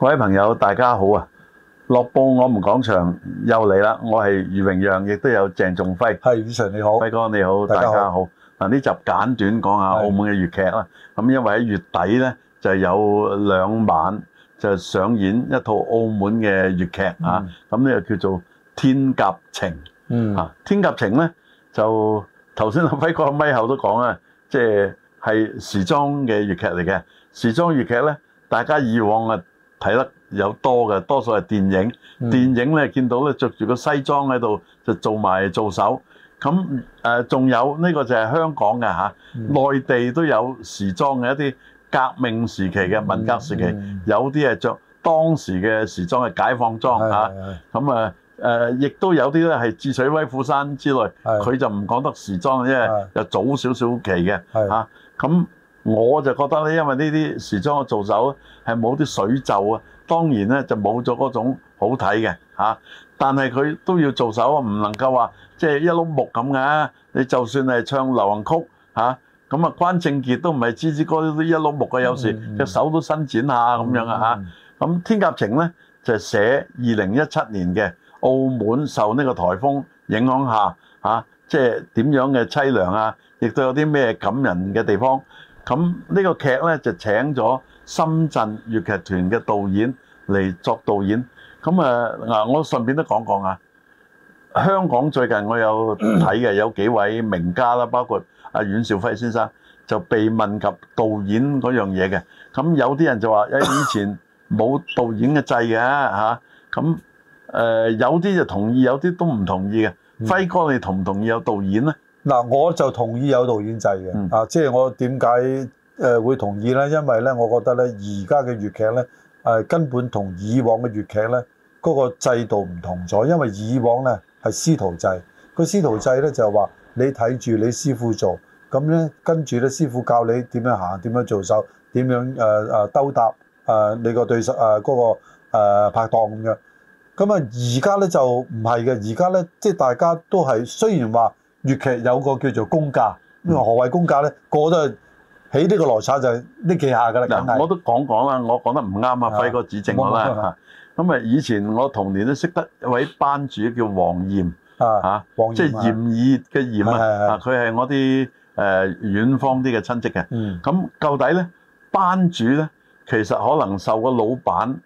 各位朋友，大家好啊！《樂報我們講場又嚟啦！我係余榮讓，亦都有鄭仲輝。係宇常你好，輝哥你好，大家好。嗱，呢集簡短講下澳門嘅粵劇啦。咁是因為喺月底呢，就有兩晚就上演一套澳門嘅粵劇、嗯、啊。咁呢個叫做《天鴿情》。嗯。啊、天鴿情》呢，就頭先輝哥咪後都講啊，即係係時裝嘅粵劇嚟嘅。時裝粵劇呢，大家以往啊～睇得有多嘅，多數係電影。嗯、電影咧見到咧，着住個西裝喺度就做埋做手。咁、嗯、誒，仲、呃、有呢、這個就係香港嘅內、啊嗯、地都有時裝嘅一啲革命時期嘅文革時期，嗯嗯、有啲係着當時嘅時裝嘅解放裝咁，誒亦都有啲咧係《智取威虎山》之類，佢是就唔講得時裝，是因為又早少少期嘅咁是、啊嗯我就覺得咧，因為呢啲時裝嘅做手係冇啲水袖啊，當然咧就冇咗嗰種好睇嘅嚇。但係佢都要做手，唔能夠話即係一碌木咁嘅。你就算係唱流行曲啊，咁啊關正傑都唔係支支歌都一碌木嘅，有時隻手都伸展下咁、嗯嗯、樣啊嚇。咁《天鴿情》咧就寫二零一七年嘅澳門受呢個颱風影響下啊，即係點樣嘅淒涼啊，亦都有啲咩感人嘅地方。咁呢個劇呢就請咗深圳粵劇團嘅導演嚟作導演。咁誒嗱，我順便都講講啊。香港最近我有睇嘅有幾位名家啦，包括阿阮兆輝先生就被問及導演嗰樣嘢嘅。咁有啲人就話誒以前冇導演嘅制嘅嚇。咁誒有啲就同意，有啲都唔同意嘅。輝哥你同唔同意有導演呢？嗱，我就同意有導演制嘅，嗯、啊，即係我點解誒會同意呢？因為呢，我覺得呢，而家嘅粵劇呢，誒、呃、根本同以往嘅粵劇呢嗰、嗰個制度唔同咗，因為以往呢係師徒制，嗰個師徒制呢就係話你睇住你師傅做，咁呢跟住呢，師傅教你點樣行，點樣做手，點樣誒誒兜搭誒你個對手誒嗰、呃嗰個、呃、拍檔咁樣，咁啊而家呢就唔係嘅，而家呢，即係大家都係雖然話。粵劇有個叫做公價，何謂公價咧？個都係起呢個邏輯就係呢幾下噶啦。嗱，我都講講啊，我講得唔啱啊，輝哥指正我啦。咁啊，以前我童年都識得一位班主叫黃炎，啊，即係炎熱嘅炎啊。啊，佢係我啲誒遠方啲嘅親戚嘅。咁到底咧，班主咧，其實可能受個老闆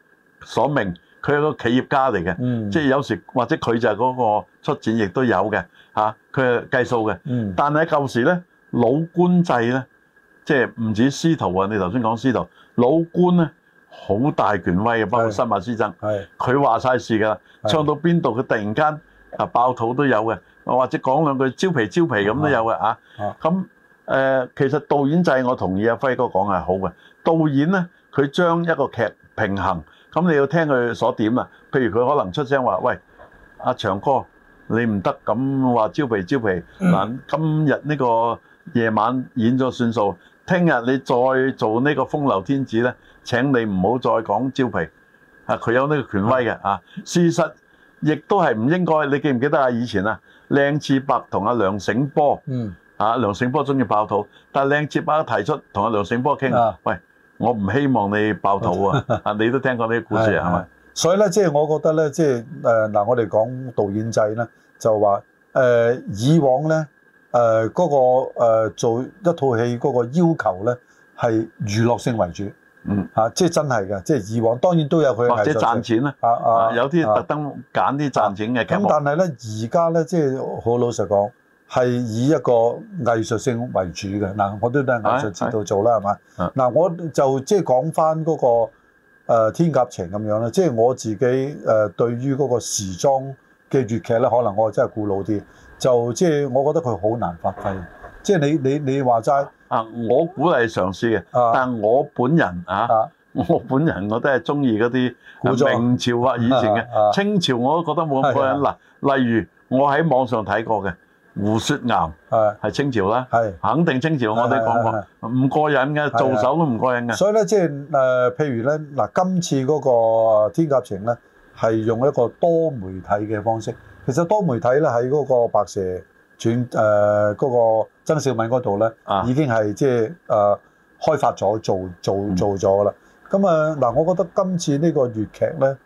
所命。佢係個企業家嚟嘅，嗯、即係有時或者佢就係嗰個出展亦都有嘅嚇。佢係計數嘅，數嗯、但係舊時咧，老官制咧，即係唔止司徒啊，你頭先講司徒老官咧好大權威嘅，包括新馬師曾。佢話晒事㗎啦，唱是到邊度佢突然間啊爆肚都有嘅，是或者講兩句招皮招皮咁都有嘅啊。咁誒其實導演制我同意阿輝哥講係好嘅，導演咧佢將一個劇平衡。咁你要聽佢所點啊，譬如佢可能出聲話，喂，阿長哥，你唔得咁話招皮招皮，嗱，今日呢個夜晚演咗算數，聽日你再做呢個風流天子咧，請你唔好再講招皮。啊，佢有呢個權威嘅啊，事實亦都係唔應該。你記唔記得啊？以前啊，靚次伯同阿梁醒波，嗯，啊梁醒波鍾意爆肚，但係靚次伯提出同阿梁醒波傾，喂。我唔希望你爆肚啊！啊， 你都聽過呢啲故事啊係咪？ 吧所以咧，即係我覺得咧、就是，即係誒嗱，我哋講導演制咧，就話誒、呃、以往咧誒嗰個、呃、做一套戲嗰個要求咧係娛樂性為主，嗯嚇，即係、啊就是、真係㗎，即、就、係、是、以往當然都有佢或者賺錢啦、啊啊，啊啊，有啲特登揀啲賺錢嘅咁，啊啊、但係咧而家咧，即係好老實講。係以一個藝術性為主嘅嗱，我都喺藝術節度做啦，係嘛嗱，我就即係講翻嗰個、呃、天鴿情咁樣啦。即、就、係、是、我自己誒對於嗰個時裝嘅粵劇咧，可能我真係古老啲，就即係、就是、我覺得佢好難發揮。即、就、係、是、你你你話齋啊，我鼓勵嘗試嘅，啊、但我本人啊，啊我本人我都係中意嗰啲古裝明朝或以前嘅、啊啊、清朝，我都覺得冇咁吸引。嗱，的啊啊、例如我喺網上睇過嘅。胡雪岩係清朝咧，肯定清朝。我哋講過唔過癮嘅，做手都唔過癮嘅。所以咧，即係誒，譬如咧，嗱，今次嗰個《天鴿情》咧，係用一個多媒體嘅方式。其實多媒體咧喺嗰個白蛇傳誒嗰個曾小敏嗰度咧，已經係即係誒開發咗做做做咗噶啦。咁啊嗱，我覺得今次呢個粵劇咧，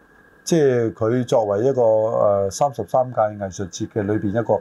即係佢作為一個誒三十三屆藝術節嘅裏邊一個。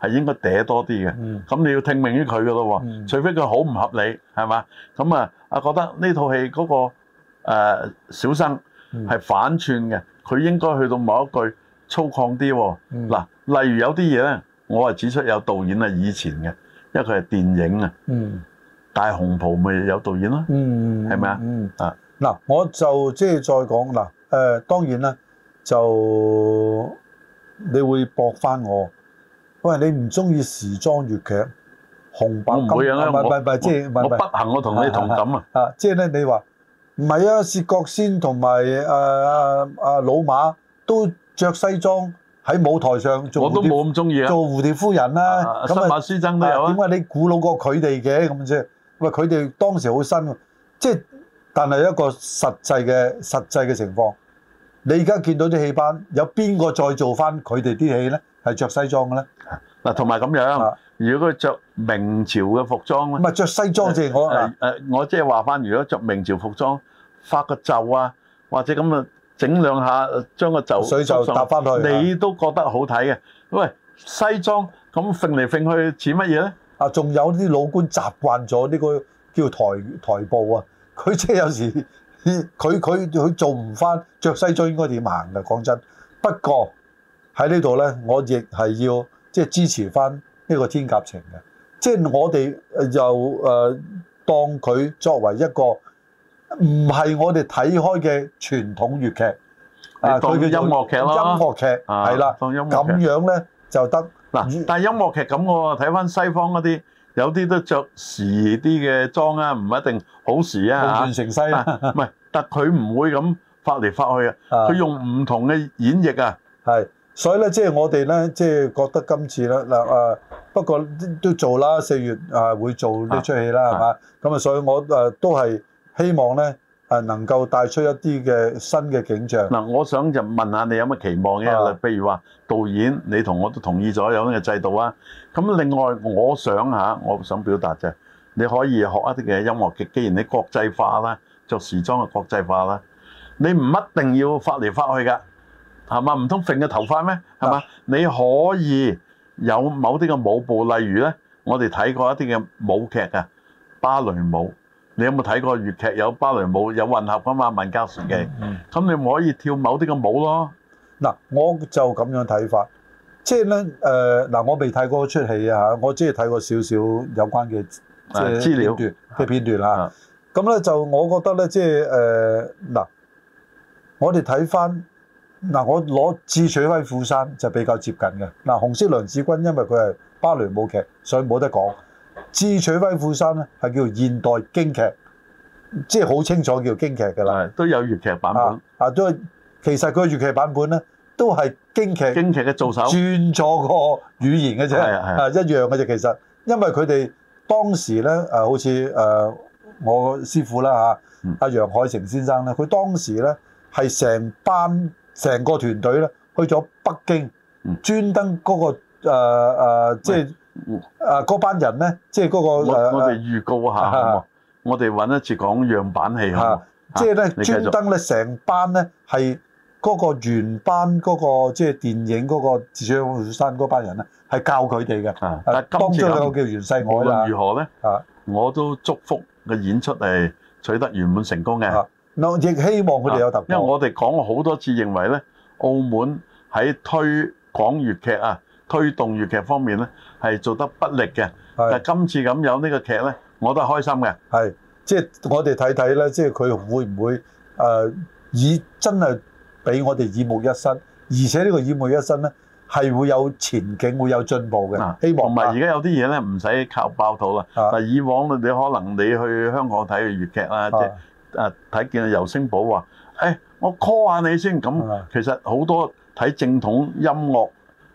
係應該嗲多啲嘅，咁你要聽命於佢噶咯喎，嗯、除非佢好唔合理，係嘛？咁啊，我覺得呢套戲嗰個、呃、小生係反串嘅，佢、嗯、應該去到某一句粗獷啲喎。嗱、嗯，例如有啲嘢咧，我係指出有導演係以前嘅，因為佢係電影啊。嗯。大紅袍咪有導演咯？嗯嗯。係咪啊？嗯。啊。嗱，我就即係再講嗱，誒、呃、當然啦，就你會駁翻我。喂，你唔中意時裝粵劇紅白金？唔係唔係，即係唔係？我不幸我同你同感你啊，啊！啊，即係咧，你話唔係啊？薛覺先同埋啊啊老馬都着西裝喺舞台上做蝴蝶、啊、夫人啦，咁啊，師、啊、就馬師曾都有啊，啊。點解你古老過佢哋嘅咁啫？喂，佢哋當時好新即係、就是，但係一個實際嘅實際嘅情況。你而家見到啲戲班有邊個再做翻佢哋啲戲咧？係著西裝嘅咧？嗱，同埋咁樣，如果佢著明朝嘅服裝咧，唔係著西裝正我。誒，我即係話翻，如果著明朝服裝，發個袖啊，或者咁啊，整兩下將個袖水袖搭翻去，你都覺得好睇嘅。喂，西裝咁揈嚟揈去似乜嘢咧？啊，仲有啲老官習慣咗呢個叫台台步啊，佢即係有時。佢佢佢做唔翻着西裝應該點行噶？講真，不過喺呢度咧，我亦係要即係支持翻呢個天鴿情嘅，即係我哋又誒當佢作為一個唔係我哋睇開嘅傳統粵劇，劇啊，當音樂劇、啊、音樂劇係啦，咁樣咧就得嗱、啊。但係音樂劇咁，我睇翻西方嗰啲有啲都着時啲嘅裝啊，唔一定好時啊嚇，唔係、啊。啊 但佢唔會咁發嚟發去啊！佢用唔同嘅演繹啊，係，所以咧即係我哋咧即係覺得今次咧嗱啊，不過都做啦，四月啊會做呢出戲啦係嘛？咁啊所以我誒都係希望咧誒能夠帶出一啲嘅新嘅景象。嗱，我想就問下你有乜期望嘅啦？譬如話導演，你同我都同意咗有咁嘅制度啊。咁另外我想吓，我想表達就係你可以學一啲嘅音樂劇，既然你國際化啦。做時裝嘅國際化啦，你唔一定要發嚟發去噶，係嘛？唔通甩嘅頭髮咩？係嘛？啊、你可以有某啲嘅舞步，例如咧，我哋睇過一啲嘅舞劇啊，芭蕾舞。你有冇睇過粵劇有芭蕾舞有混合噶嘛？文教傳嘅。咁、嗯嗯、你唔可以跳某啲嘅舞咯。嗱、啊，我就咁樣睇法，即係咧誒嗱，我未睇過出戲啊，我只係睇過少少有關嘅、就是啊、資料嘅片段，片段啊。啊咁咧就我覺得咧，即係誒嗱，我哋睇翻嗱，我攞《智取威虎山》就比較接近嘅嗱、啊。紅色娘子軍因為佢係芭蕾舞劇，所以冇得講。《智取威虎山》咧係叫做現代京劇，即係好清楚叫京劇嘅啦。都有粵劇版本啊，都其實佢粵劇版本咧都係京劇。京劇嘅做手轉咗個語言嘅啫，係係啊一樣嘅啫。其實因為佢哋當時咧啊，好似誒。呃我師傅啦嚇，阿、啊、楊海誠先生咧，佢當時咧係成班成個團隊咧去咗北京，專登嗰個誒即係誒嗰班人咧，即係嗰個我哋、啊、預告一下，啊、我哋揾一次講樣板戲，即係咧專登咧成班咧係嗰個原班嗰、那個即係、就是、電影嗰、那個智取威虎山嗰班人咧，係教佢哋嘅。但係今次當中叫袁世凱啦，無論如何咧，啊、我都祝福。嘅演出係取得圓滿成功嘅、啊，我亦希望佢哋有特、啊，因為我哋講過好多次，認為咧澳門喺推廣粵劇啊，推動粵劇方面咧係做得不力嘅。是但今次咁有呢個劇咧，我都係開心嘅。係，即、就、係、是、我哋睇睇咧，即係佢會唔會誒、啊、以真係俾我哋耳目一新，而且呢個耳目一新咧。係會有前景，會有進步嘅，啊、希望唔同而家有啲嘢咧，唔使靠爆肚啦。嗱、啊，以往你可能你去香港睇嘅粵劇啦，啊、即係啊睇見啊尤星寶話，誒、欸，我 call 下你先。咁、啊、其實好多睇正統音樂誒、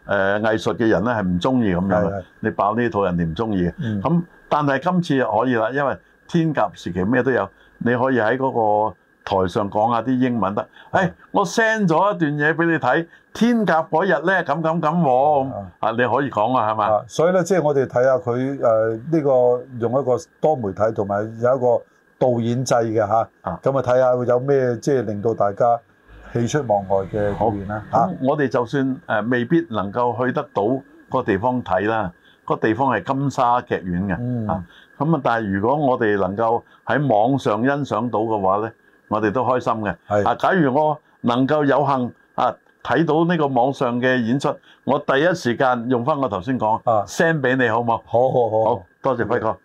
呃、藝術嘅人咧，係唔中意咁樣。你爆呢啲肚，人哋唔中意嘅。咁但係今次可以啦，因為天甲時期咩都有，你可以喺嗰、嗰個。台上講下啲英文得，誒，我 send 咗一段嘢俾你睇，天甲嗰日咧咁咁咁喎，啊，你可以講啊，係嘛？所以咧，即係我哋睇下佢誒呢個用一個多媒體同埋有一個導演製嘅吓，咁啊睇下會有咩即係令到大家喜出望外嘅語言啦。咁我哋就算誒未必能夠去得到個地方睇啦，個地方係金沙劇院嘅吓，咁啊，但係如果我哋能夠喺網上欣賞到嘅話咧。我哋都開心嘅。啊，假如我能夠有幸啊睇到呢個網上嘅演出，我第一時間用返我頭先講啊 send 俾你好冇？好不好好，好，好，好多謝輝哥。